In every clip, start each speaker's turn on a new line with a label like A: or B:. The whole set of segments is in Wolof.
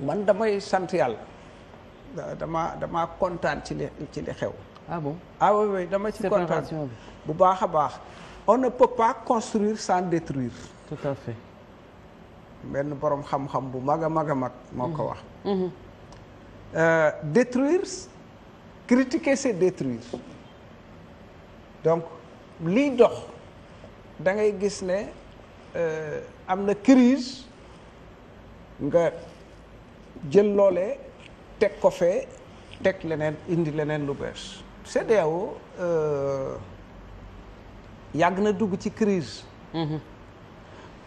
A: man damay sant dama dama kontaan ci li ci xew. ah bon ah dama ci kontaan bu baax a baax. on ne peut pas construire sans détruire. tout benn boroom xam-xam bu mag a mag a mag. moo ko mm-hmm. wax. Mm-hmm. Euh, détruire critiquer c'est détruire donc liy dox da gis ne euh, am na crise nga. jël loole teg ko fee teg leneen indi leneen lu bees CEDEAO euh, yàgg na dugg ci crise mhm.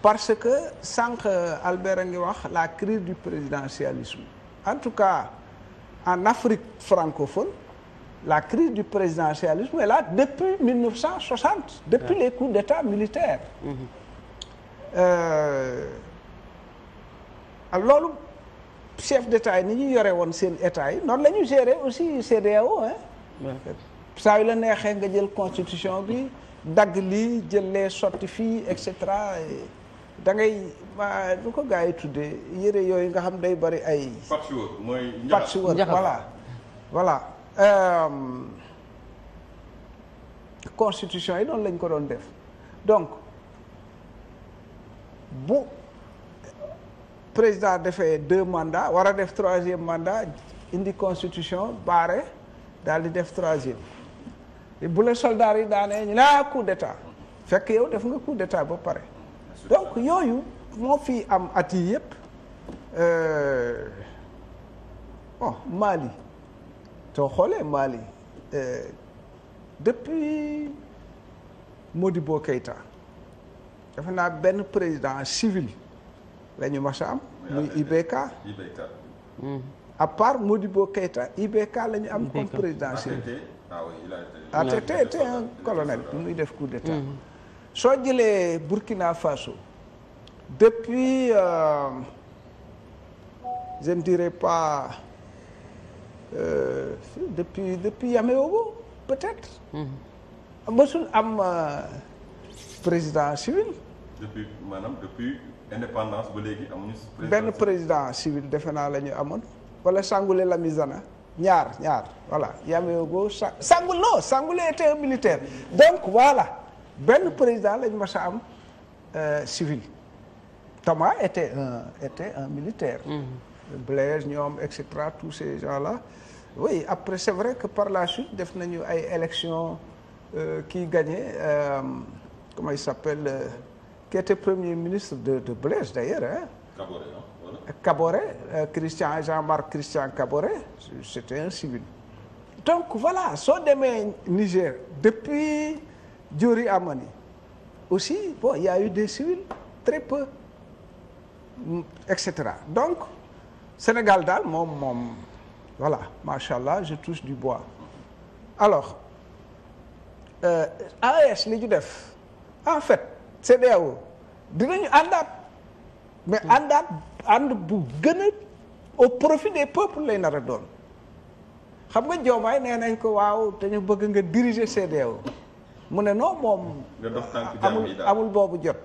A: parce que sànq Albert a ngi wax la crise du présidentialisme en tout cas en Afrique francophone la crise du présidentialisme est là depuis 1960 depuis ouais. d'État militaires mhm. euh, loolu chef d'état yi ni ñu yore woon seen état yi noonu la ñu géré aussi CEDEAO hein saa yu la neexee nga jël constitution bi dagg lii jël les sotti fii et cetera da ngay lu ko gars yi tuddee yére yooyu nga xam day bari ay patchwork mooy patchwork voilà voilà euh, constitution yi noonu lañ ko doon def donc bu président defee deux mandats war a def troisième mandat indi constitution baare daal di def troisième bu la soldats yi daanee ñu laa ah, coup d'état fekk yow def nga coup d'état ba pare donc yooyu moo fi am ati yi yëpp euh, bon Mali soo xoolee Mali euh, depuis Modibo Keïta defe naa benn président civil la ñu mas a am muy IBK IBK hmm. à part Modibo Keïta IBK la ñu am comme présidentiel ATT ah était un colonel muy def coup d'état hmm. soo jëlee Burkina Faso depuis euh, je ne dirais pas euh, depuis depuis Yaméobo peut-être mësul hmm. am euh, président civil maanaam depuis benn président civil defe naa lañu amoon wala Sangoulé Lamizana ñaar ñaar voilà Yamayogho sa Sangoulé non Sangoulé était un militaire donc voilà benn président lañu ma sa am euh, civil Thomas était un était un militaire. Mm-hmm. Blaise ñoom et cetera tous ces gens là oui après c'est vrai que par la suite def nañu ay élections kii euh, gagné euh, comment il s'appelle. qui était premier ministre de de Blaise d'ailleurs hein. Caboret non Caboret euh, Christian Jean-Marc Christian Caboret c'était un civil. donc voilà soo demee Niger depuis Diori Amani aussi bon y a eu des civils très peu mm, et cetera donc Sénégal daal moom voilà macha allah je touche du bois alors euh, AES li ñu def en fait. CEDEAO dinañu àndaat mais hmm. àndaat ànd bu gëna a au profit des peuples lay nar a doon xam nga Diomaye nee nañ ko waaw te ñu bëgg nga diriger CEDEAO mu ne non moom amul boobu jot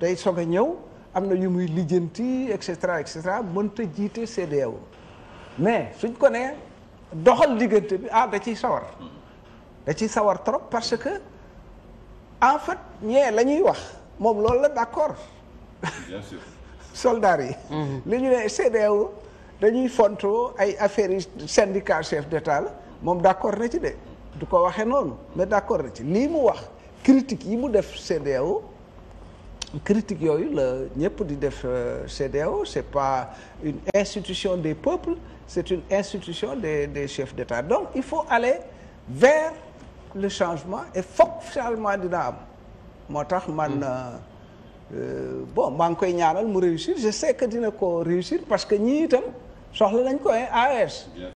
A: tey hmm. soog a ñëw am na yu muy lijjanti et cetera et cetera mënta jiite CEDEAO mais suñ ko ne doxal diggante bi ah da ciy sawar hmm. da ciy sawar trop parce que en fait ñee la ñuy wax moom loolu la d'accord bien yi mhm. li ñu ne CEDEAO dañuy fonto ay affaires yi syndicat chef d'état la moom d'accord na ci de du ko waxee noonu mais d'accord na ci lii mu wax critique yi mu def CEDEAO critique yooyu la ñëpp di def euh, CEDEAO c'est pas une institution des peuples c'est une institution des des chefs d'État donc il faut aller vers le changement et foog changement dina am moo tax man hmm. euh, bon maa ngi koy ñaanal mu réussir je sais que dina ko réussir parce que ñii itam soxla nañ ko AES